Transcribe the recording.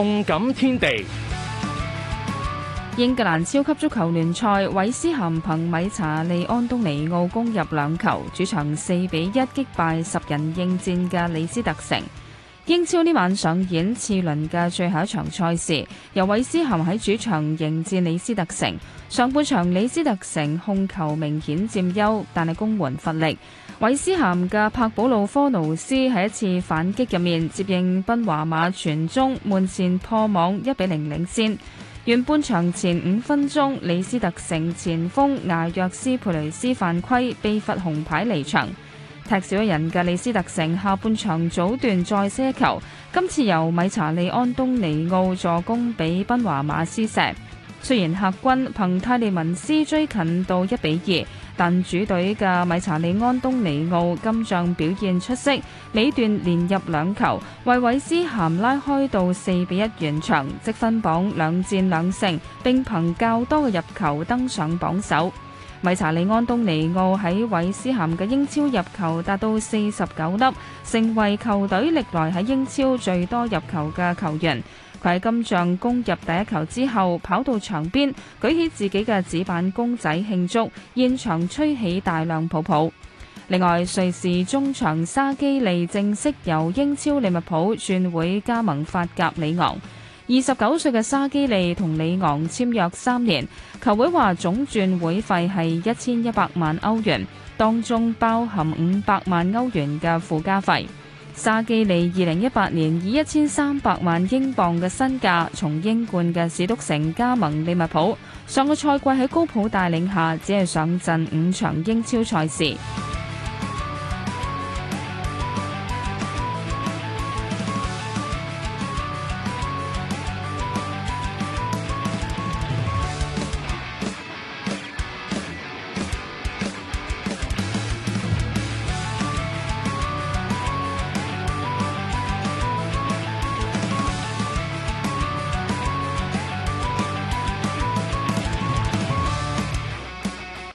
動感天地，英格蘭超級足球聯賽，韋斯咸憑米查利安東尼奧攻入兩球，主場四比一擊敗十人應戰嘅李斯特城。英超呢晚上演次輪嘅最後一場賽事，由韋斯咸喺主場迎戰李斯特城。上半場李斯特城控球明顯佔優，但係攻門乏力。韋斯咸嘅柏保魯科奴斯喺一次反擊入面接應賓華馬傳中，門前破網，一比零領先。完半場前五分鐘，李斯特城前鋒亞約斯佩雷斯犯規，被罰紅牌離場。踢少一人嘅李斯特城，下半場早段再射一球，今次由米查利安東尼奧助攻，俾賓華馬斯射。雖然客軍憑泰利文斯追近到一比二，但主隊嘅米查利安東尼奧今仗表現出色，尾段連入兩球，為韋斯咸拉開到四比一完場。積分榜兩戰兩勝，並憑較多嘅入球登上榜首。米查利·安東尼奧喺韋斯咸嘅英超入球達到四十九粒，成為球隊歷來喺英超最多入球嘅球員。佢喺金像攻入第一球之後，跑到場邊舉起自己嘅紙板公仔慶祝，現場吹起大量泡泡。另外，瑞士中場沙基利正式由英超利物浦轉會加盟法甲里昂。二十九歲嘅沙基利同李昂簽約三年，球會話總轉會費係一千一百萬歐元，當中包含五百萬歐元嘅附加費。沙基利二零一八年以一千三百萬英鎊嘅身價從英冠嘅史督城加盟利物浦，上個賽季喺高普帶領下，只係上陣五場英超賽事。